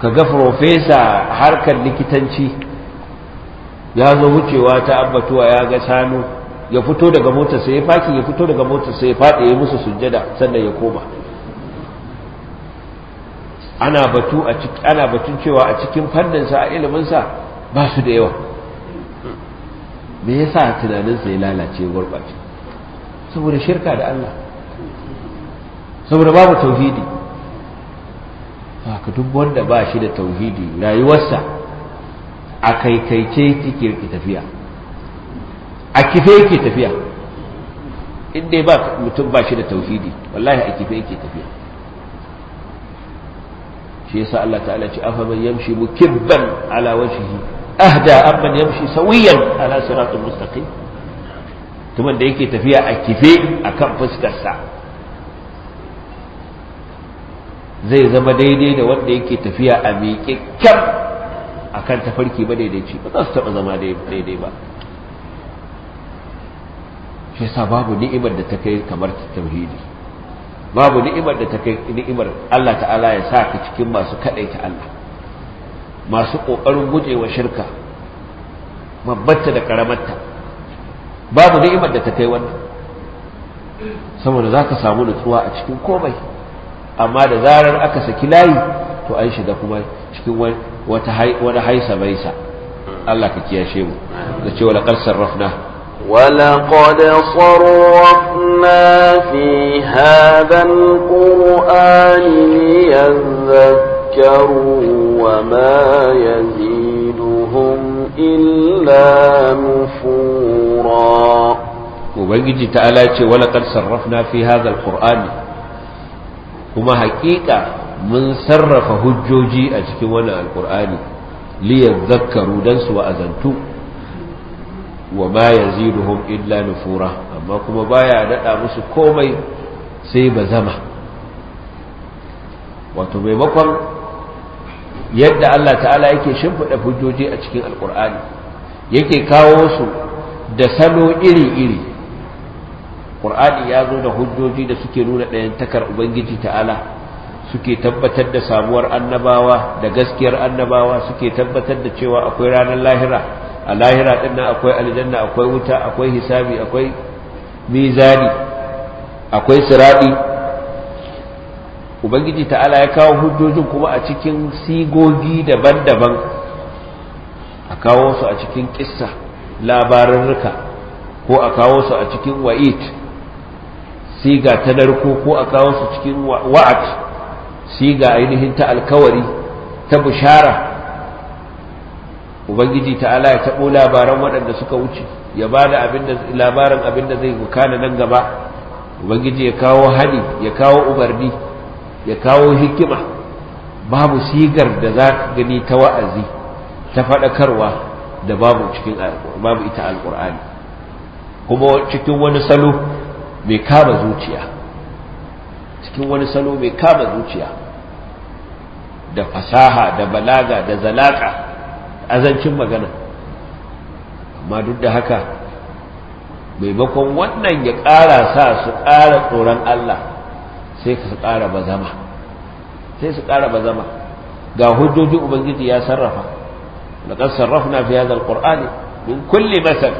B: ka ga profesa harkar likitanci
A: ya zo wucewa ta ambatuwa ya ga sanu ya fito daga motar sai ya faki ya fito daga motar sai ya faɗi ya musu sujjada sannan
B: ya koma ana batu a cikin ana batun cewa a cikin fannin sa a ilimin sa ba su da yawa me yasa tunanin sa ya lalace gurbace saboda shirka da Allah saboda babu tauhidi haka duk wanda ba shi da tauhidi rayuwarsa a kaikaice take tafiya a kife yake tafiya in dai ba mutum ba shi da tauhidi wallahi a kife yake tafiya shi yasa Allah ta'ala ce afa man yamshi mukibban ala wajhihi ahda amman yamshi sawiyan ala siratin mustaqim mutumin da yake tafiya a kife a kan fuskarsa zai zama daidai da wanda yake tafiya a miƙe kyam a kan tafarki ba ce, ba za su taɓa zama daidai ba shi sa babu ni'imar da ta kai kamar tauhidi babu ni'imar da ta kai ni'imar Allah ta'ala ya sa ka cikin masu kaɗaita Allah masu ƙoƙarin gujewa shirka babbarta da ƙaramarta babu ni'imar da ta kai wannan saboda za ka samu nutsuwa a cikin komai amma da zarar aka saki layi to an shiga kuma cikin wani haisa maisa Allah ka kiyashe mu da cewa laqad sarrafna
A: ولقد صرفنا في هذا القرآن ليذكروا وما يزيدهم إلا نفورا
B: Ubangiji ta'ala ya ce wani sarrafna fi haza alƙur'ani kuma haƙiƙa mun sarrafa hujjoji a cikin wani alƙur'ani liyar zakkaru don su wa'azantu wa ma ya ziruhun illa nufura amma kuma baya daɗa musu komai sai ba zama wato maimakon yadda Allah ta'ala yake shimfiɗa hujjoji a cikin alkur'ani yake kawo su da salo iri-iri ƙur'ani ya zo da hujjoji da suke nuna ɗayan takar ubangiji ta'ala suke tabbatar da sabuwar annabawa da gaskiyar annabawa suke tabbatar da cewa akwai ranar lahira a lahira ɗin nan akwai aljanna akwai wuta akwai hisabi akwai mizani
A: akwai siraɗi
B: ubangiji ta'ala ya kawo hujjojin kuma a cikin sigogi daban-daban a kawo su a cikin kissa ruka, ko a kawo su a cikin wa'id siga ta narko ko a kawo su cikin wa'ad siga ainihin ta alkawari ta bushara ubangiji ta'ala ya taɓo labaran waɗanda suka wuce ya ba da labarin abin da zai gukana nan gaba ubangiji ya kawo hadi ya kawo ubarni ya kawo hikima babu sigar da za ka gani ta wa'azi ta faɗakarwa da babu cikin babu ita alƙur'ani kuma cikin wani salo mai kama zuciya cikin wani salo mai kama zuciya da fasaha da balaga da zalaka azancin magana amma duk da haka maimakon wannan ya ƙara sa su ƙara tsoron Allah sai su ƙara bazama sai su ƙara bazama ga hujjojin ubangiji ya sarrafa laqad sarrafna fi hadha alqur'ani min kulli masal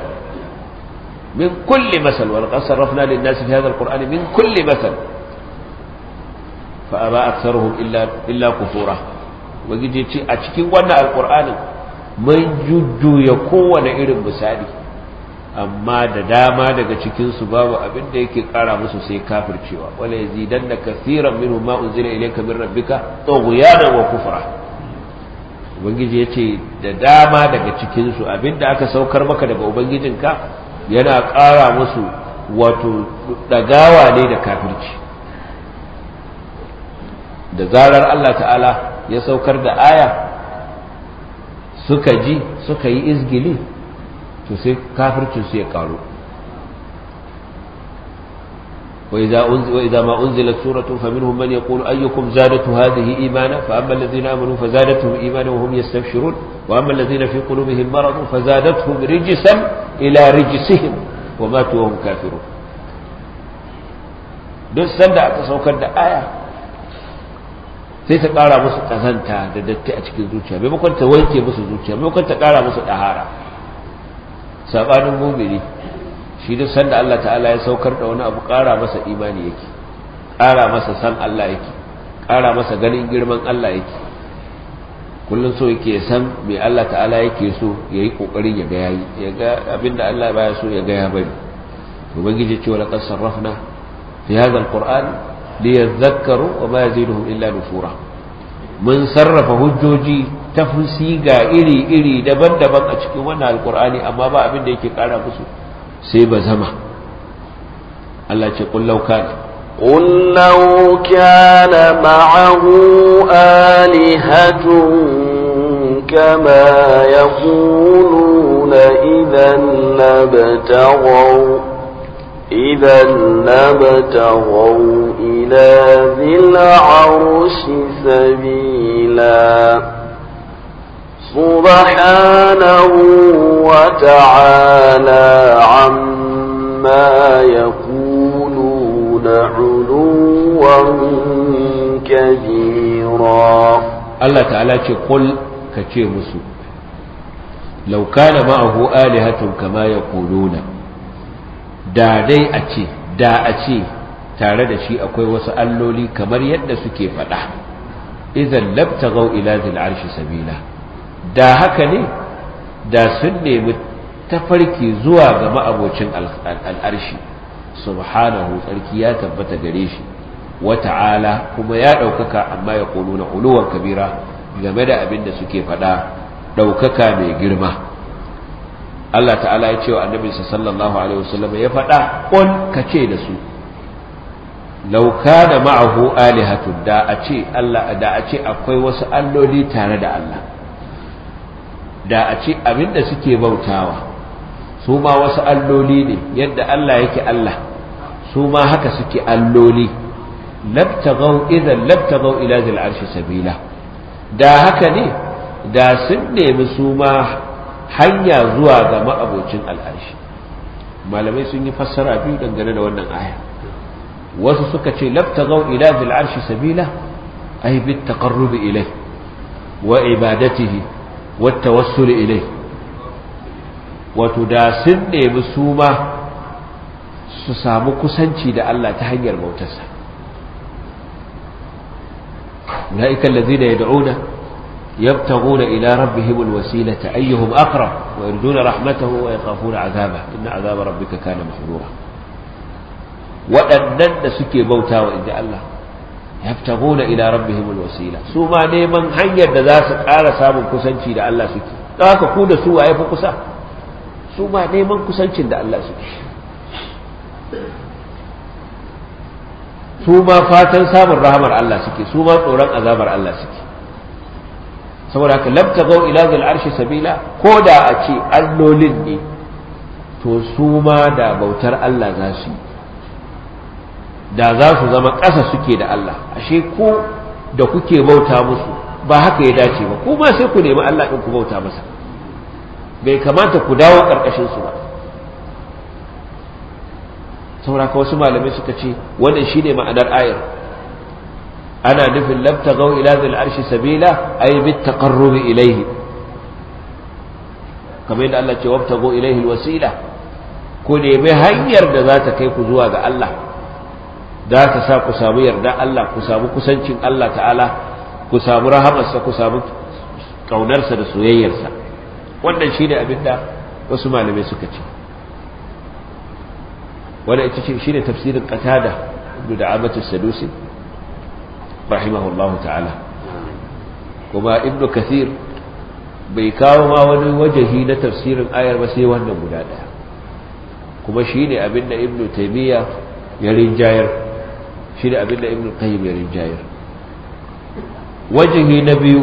B: min kulli masal wa laqad sarrafna lin-nas fi hadha alqur'ani min kulli masal fa aba aktharuhum illa illa kufura ubangiji ce a cikin wannan alqur'anin mun jujjuya kowane irin misali amma da dama daga cikinsu babu abin da yake kara musu sai kafircewa wala yazidan da kasiran minhu ma unzila ilayka min rabbika tughyana wa kufra ubangiji yace da dama daga cikinsu abin da aka saukar maka daga ubangijinka yana kara musu wato dagawa ne da kafirci da zarar Allah ta'ala ya saukar da aya suka ji suka yi izgili to sai kafircin su ya karu wa idza ma unzilat suratun fa minhum man yaqulu ayyukum zadatu hadhihi imana fa amma alladhina amanu fa zadatuhum imana wa hum yastabshirun wa amma alladhina fi qulubihim marad fa zadatuhum rijsan ila rijsihim wa matu wa hum kafirun sanda aka saukar da aya sai ta kara musu kazanta da datti a cikin zuciya maimakon ta wanke musu zuciya maimakon ta kara musu dahara sabanin mumini shi duk sanda Allah ta'ala ya saukar da wani abu kara masa imani yake kara masa san Allah yake kara masa ganin girman Allah yake kullum so yake san me Allah ta'ala yake so ya yi ya ga yayi ya ga abinda Allah baya so ya ga ya bari ubangiji cewa laqad sarrafna fi hadha alquran liyadhakkaru wa ma yaziduhum illa nufura mun sarrafa hujjoji ta siga iri-iri daban-daban a cikin wannan alkur'ani amma ba abin da yake kara musu sai ba zama Allah ce kullau kana
A: قل لو كان معه آلهة كما يقولون إذا لابتغوا إذا لابتغوا إلى ذي العرش سبيلاً سبحانه وتعالى عما يقولون علوا كبيرا
B: الله تعالى قل كتير لو كان معه آلهة كما يقولون دا دي أتي دا أتي تعرض شيء أقوي وسألوا لي كمر يد سكي فتح إذا لم تغوا إلى ذي العرش سبيلا da haka ne da sun nemi tafarki zuwa ga ma'abocin al'arshi subhanahu tsarki ya tabbata gare shi wa ta'ala kuma ya ɗaukaka amma ya na ƙuluwar kabira game da abin da suke faɗa ɗaukaka mai girma Allah ta'ala ya ce wa annabinsa sallallahu alaihi wasallam ya faɗa ƙon kace da su lauka da ma'ahu alihatu da da a ce akwai wasu alloli tare da Allah da a ce abinda suke bautawa su ma wasu alloli ne yadda Allah yake Allah su ma haka suke alloli labtagaw idan labtagaw ila zil arshi sabila da haka ne da sun nemi su ma hanya zuwa ga ma'abocin al'arshi malamai sun yi fassara biyu dangane da wannan aya wasu suka ce labtagaw ila zil arshi sabila ay bit taqarrub ilai wa ibadatihi wata wasu ilai wato da sin nemi su ma su samu kusanci da Allah ta hanyar bautarsa ula'ikan lazina ya da'una يبتغون إلى ربهم الوسيلة أيهم أقرب ويرجون رحمته ويخافون عذابه إن عذاب ربك كان محظورا waɗannan da suke bauta wa Allah yabtaguna ila rabbihimul wasila su ma neman hanyar da za su ƙara samun kusanci da Allah suke don haka ku da su waye fi kusa su ma neman kusancin da Allah suke su ma fatan samun rahamar Allah suke su ma tsoron azabar Allah suke saboda haka lam tagau ila zil arshi sabila ko da a ce allolin ne to su ma da bautar Allah za su yi da za su zama ƙasa suke da Allah ashe ko da kuke bauta musu ba haka ya dace ba ku ma sai ku nemi Allah ɗin ku bauta masa bai kamata ku dawo ƙarƙashin su ba saboda ka wasu malamai suka ce wannan shine ma'anar ayar ana nufin labtagaw ila zil arshi sabila ay bit taqarrubi ilayhi kamar yadda Allah ce wabtago ilayhi wasila ku nemi hanyar da za ta kai ku zuwa ga Allah za ta sa ku samu yarda Allah ku samu kusancin Allah ta'ala ku samu rahamarsa ku samu kaunarsa da soyayyarsa wannan shi ne abin da wasu malamai suka ce Wani ita ce shi ne tafsirin ƙatada da amatus sadusi rahimahullahu ta'ala kuma ibnu kathir bai kawo ma wani wajahi na tafsirin ayar ba sai wannan guda ɗaya kuma shi ne abin da ibnu taimiyya ya rinjayar shi da abin da ibn qayyim ya rinjayar wajihi na biyu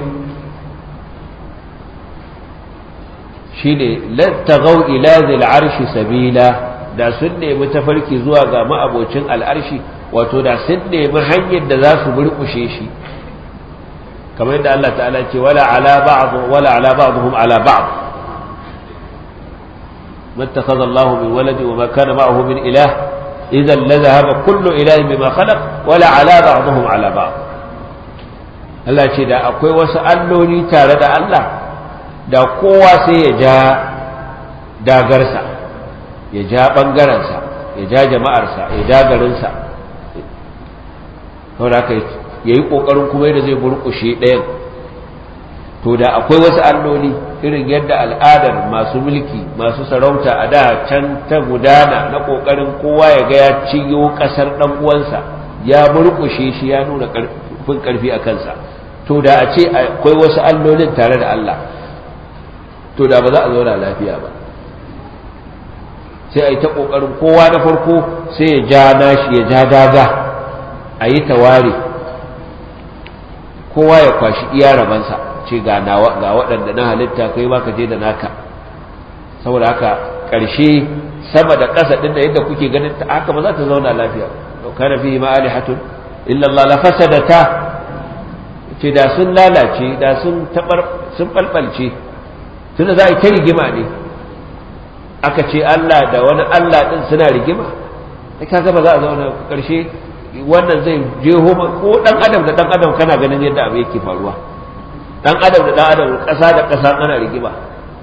B: shine lan tagaw ila zil arshi sabila da sun nemi tafarki zuwa ga ma'abocin al'arshi wato da sun nemi hanyar da za su burkushe shi kamar yadda Allah ta'ala ce wala ala ba'd wala ala ba'dhum ala ba'd mattakhadha Allahu min waladi wa ma kana ma'ahu min ilah إذا لذهب كل إله بما خلق ولا على بعضهم على بعض Allah ce da akwai wasu alloli tare da Allah da kowa sai ya ja dagarsa ya ja ɓangarensa ya ja jama'arsa ya ja garinsa saboda haka ya yi ƙoƙarin kuma yadda zai burkushe ɗayan to da akwai wasu alloli irin yadda al'adar masu mulki masu sarauta a da can ta gudana na ƙoƙarin kowa ya ga ya ciyo kasar dan uwansa ya burkushe shi ya nuna karfin karfi a kansa to da a ce akwai wasu allolin tare da Allah to da ba za a zauna lafiya ba sai a yi ta ƙoƙarin kowa na farko sai ya ja nashi ya ja daga a yi
A: kowa ya kwashi iya rabansa ce ga waɗanda na halitta kai ma ka je
B: da naka saboda haka ƙarshe sama da ƙasa ɗin da yadda kuke ganin ta haka ba za ta zauna lafiya dauka na fi ma alihatun illallah la ta
A: ce da sun lalace da
B: sun tabar sun balbalce tunda za a yi ta rigima ne aka ce Allah da wani Allah ɗin suna rigima sai kaga ba za a zauna ƙarshe wannan zai jeho ko ɗan adam da ɗan adam kana ganin yadda abu yake faruwa dan adam da dan adam ƙasa da kasa ana rigima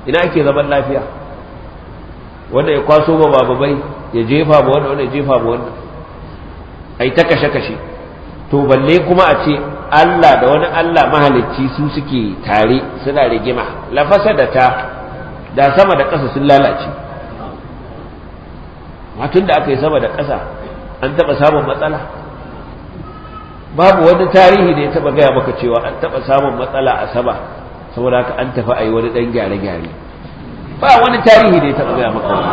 B: ina ake zaman lafiya wanda ya kwaso ba bababai ya jefa ba wanda wanda ya jefa ba wanda ai ta kashe kashe to balle kuma a ce Allah da wani Allah mahalicci su suke tare suna rigima la ta da sama da ƙasa sun lalace matun da aka yi sama da ƙasa an taɓa samun matsala babu wani tarihi da ya taba gaya maka cewa an taba samun matsala a sama saboda haka an tafi a yi wani dan gyare-gyare
A: ba wani tarihi
B: da ya taba gaya maka wani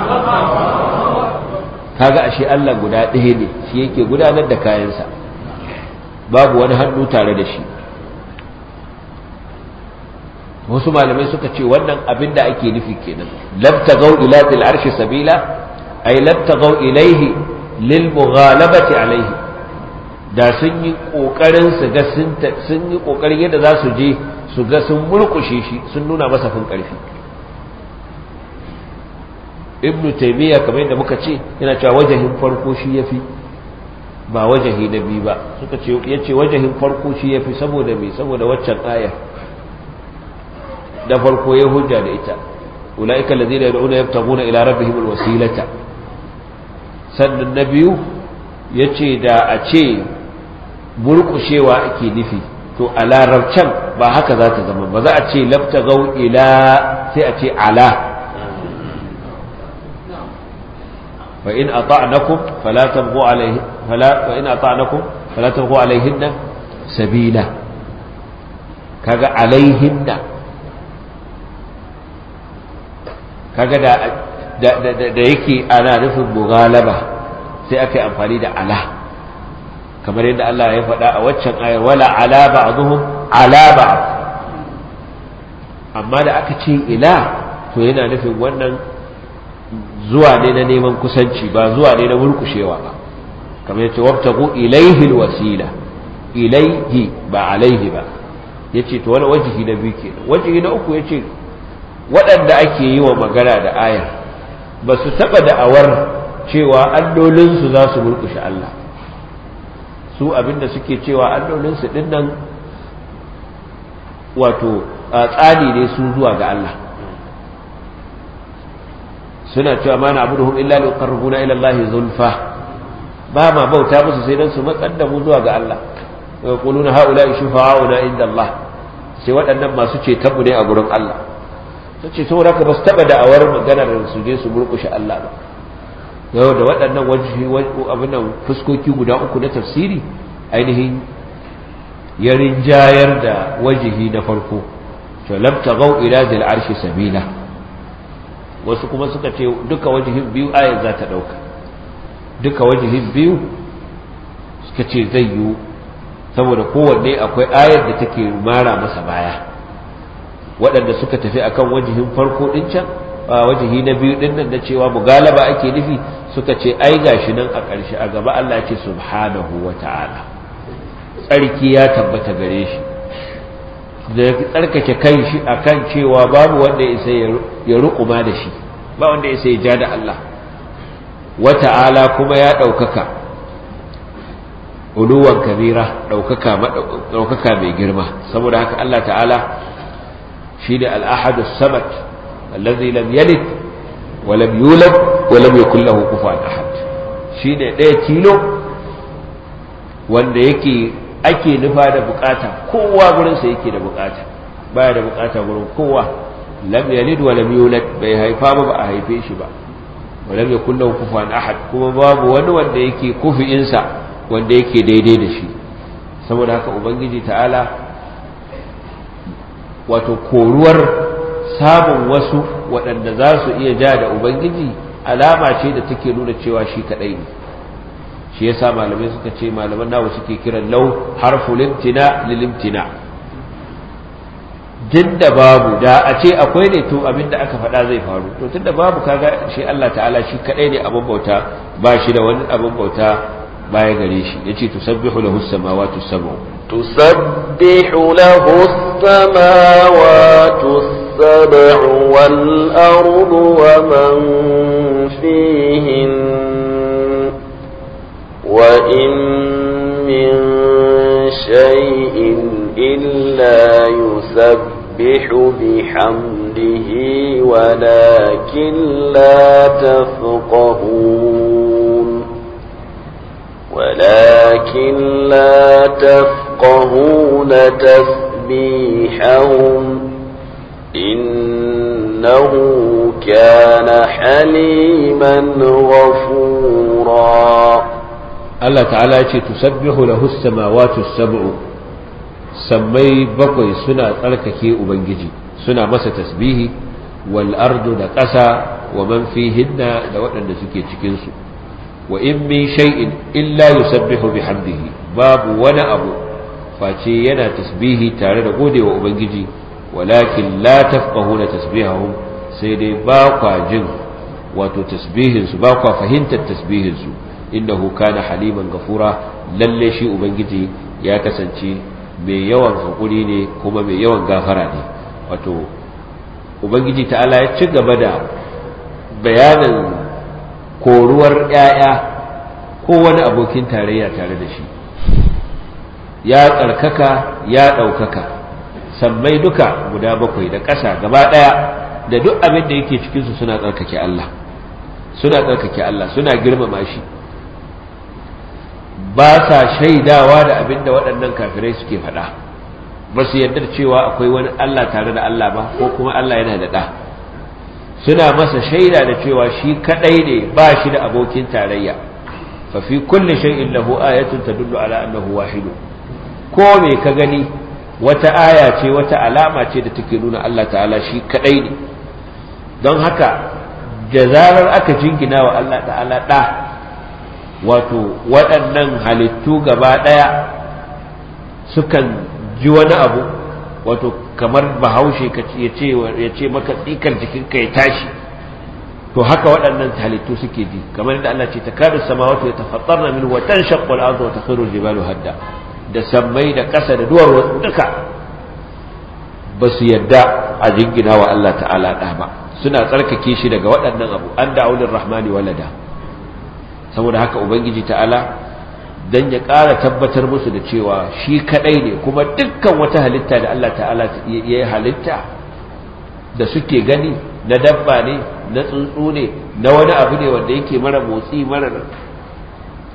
B: kaga ashe Allah guda ɗaya ne shi yake gudanar da kayansa babu wani hannu tare da shi wasu malamai suka ce wannan abin da ake nufi kenan lam tagau ila til arshi sabila ay lam tagau ilaihi lil mughalabati alaihi da sun yi kokarin su ga sun yi kokarin yadda za su je su ga sun mulkushe shi sun nuna masa fin karfi ibnu taymiya kamar yadda muka ce yana cewa wajahin farko shi yafi ba wajahi na biyu ba suka ce yace wajahin farko shi yafi saboda me saboda waccan ayar da farko ya hujja da ita ulaika allazina yad'una yabtaguna ila rabbihim alwasilata sannan na biyu yace da a ce burkushewa ake nufi to a larabcan ba haka za ta zama ba za a ce lafta gau ila sai a ce ala fa in a fala na ku fala fa alaihin na. sabila kaga alayhinna kaga da da yake ana nufin mughalaba sai aka yi amfani da ala kamar yadda Allah ya faɗa a waccan ayar wala ala ba'dhum ala ba'd amma da aka ce ila to yana nufin wannan zuwa ne na neman kusanci ba zuwa ne na murkushewa ba kamar yace wabtagu ilaihi alwasila ilaihi ba alaihi ba yace to wani wajihi na biyu kenan wajihi na uku yace waɗanda ake yi wa magana da aya ba su taɓa da'awar cewa allolinsu za su murkushe Allah su abin da suke cewa allolinsu din nan wato tsani ne su zuwa ga Allah suna cewa ma na abu da hun illa liƙarrubuna ilallahi zulfa ba ma bauta musu sai don su matsar da mu zuwa ga Allah ga kuluna ha'ula shufa'a'una inda Allah sai waɗannan masu ce tabu ne a gurin Allah Ta ce saboda ka ba su taɓa da'awar maganar su je su murƙushe Allah ba yau da waɗannan abinan fuskoki guda uku na tafsiri ainihin yarin jayar da wajihi na farko lam gau ila dil arshi sabila wasu kuma suka ce duka wajihin biyu ayat za ta ɗauka, duka wajihin biyu suka ce zai yiwu saboda kowanne akwai ayar da take mara masa baya waɗanda suka tafi akan wajihin farko ɗin can wajihi na biyu din nan na cewa mugalaba ake nufi suka ce ai gashi nan a ƙarshe a gaba Allah ce subhanahu wa ta'ala tsarki ya tabbata gare shi da ya tsarkake kan shi a kan cewa babu wanda isa ya rukuma da shi ba wanda isa ya ja da Allah ta'ala kuma ya ɗaukaka uluwan kabira ɗaukaka mai girma saboda haka Allah ta'ala shi ne al'ahadus samad الذي لم يلد ولم يولد ولم يكن له كفوا احد شي ده ده ɗaya wanda yake ake nufa da bukata kowa gurin sa yake da bukata baya da bukata gurin kowa lam yalid wa lam yulad bai haifa ba ba a haife shi ba wa lam yakul lahu kufuwan ahad kuma babu wani wanda yake kufi sa wanda yake daidai da shi saboda haka ubangiji ta'ala wato koruwar samun wasu waɗanda za su iya ja da ubangiji alama ce da take nuna cewa shi kaɗai ne shi ya sa malamai suka ce malaman nawa suke kiran lau harfu limtina lilimtina duk da babu da a ce akwai ne to abin da aka faɗa zai faru to tun da babu kaga shi Allah ta'ala shi kaɗai ne abin bauta ba shi da wani abin bauta baya gare shi ya ce tusabbihu lahu samawatu sab'u
A: tusabbihu lahu samawatu السبع والأرض ومن فيهن وإن من شيء إلا يسبح بحمده ولكن لا تفقهون ولكن لا تفقهون تسبيحهم إنه كان حليما غفورا
B: الله تعالى تسبح له السماوات السبع سمي بقي سنة تركك أبنجي سنة مسا تسبيه والأرض نقسى ومن فيهن دوأنا نسكي تكنسو وإن من شيء إلا يسبح بحمده باب ونا أبو فاتي ينا تسبيه تعالى نقودي وأبنجي walakin la tafqahuna tasbihahum sai dai ba kwa jin wato tasbihin su ba kwa fahimtar tasbihin su innahu kana haliman gafura lalle shi ubangiji ya kasance mai yawan hakuri ne kuma mai yawan gafara ne wato ubangiji ta'ala ya ci gaba da bayanin koruwar 'ya'ya ko wani abokin tarayya tare da shi ya tsarkaka ya ɗaukaka sammai duka guda bakwai da ƙasa gaba ɗaya da duk abin da yake cikinsu suna tsarkake Allah suna tsarkake Allah suna girmama shi ba sa shaidawa da abin da waɗannan kafirai suke faɗa ba su yarda da cewa akwai wani Allah tare da Allah ba ko kuma Allah yana da ɗa suna masa shaida da cewa shi kaɗai ne ba shi da abokin tarayya fa fi shan shay'in lahu ayatun tadullu ala annahu wahid ko me ka gani wata aya ce wata alama ce da take nuna Allah ta'ala shi kadai ne don haka da zarar aka jingina wa Allah ta'ala da wato waɗannan halittu gaba ɗaya sukan ji wani abu wato kamar bahaushe ya ce maka tsikar jikinka ya tashi to haka waɗannan halittu suke ji kamar yadda Allah ce ta kada wato ya tafattarna min wa tanshaqqu al-ardu wa takhiru al-jibalu hadda da sammai da ƙasa da duwar duka ba su yadda a jingina wa Allah ta'ala ɗa ba suna tsarkake shi daga waɗannan abu an da aulin rahmani walada saboda haka ubangiji ta'ala don ya ƙara tabbatar musu da cewa shi kaɗai ne kuma dukkan wata halitta da Allah ta'ala ya yi halitta da suke gani na dabba ne na tsuntsu ne na wani abu ne wanda yake mara motsi mara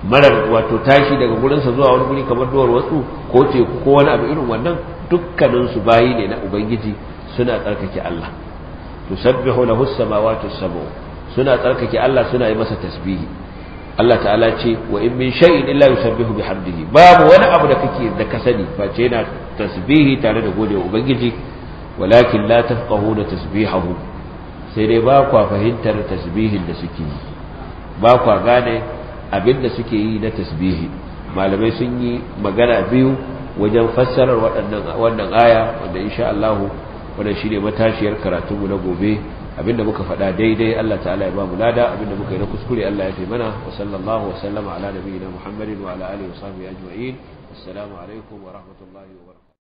B: marar wato tashi daga gurinsa zuwa wani guri kamar duwar wasu ko teku ko wani abu irin wannan dukkaninsu bayi ne na ubangiji suna tsarkake Allah sabbihu lahu samawati sabu suna tsarkake Allah suna yi masa tasbihi Allah ta'ala ce wa in min shay'in illa yusabbihu bihamdihi babu wani abu da kake da ka sani face yana tasbihi tare da gode ubangiji walakin la tafqahuna tasbihahu sai dai ba kwa fahimtar tasbihin da suke ba kwa gane abinda suke yi na tasbihi malamai sun yi magana biyu wajen fassarar wannan aya wanda insha allahu wannan shine matashiyar karatunmu na gobe abinda muka faɗa daidai Allah ta'ala ya ba mu lada abinda muka yi na kuskure Allah ya fi mana wa sallallahu wa sallama ala nabiyina Muhammadin wa ala alihi wa sahbihi ajma'in assalamu alaikum wa rahmatullahi wa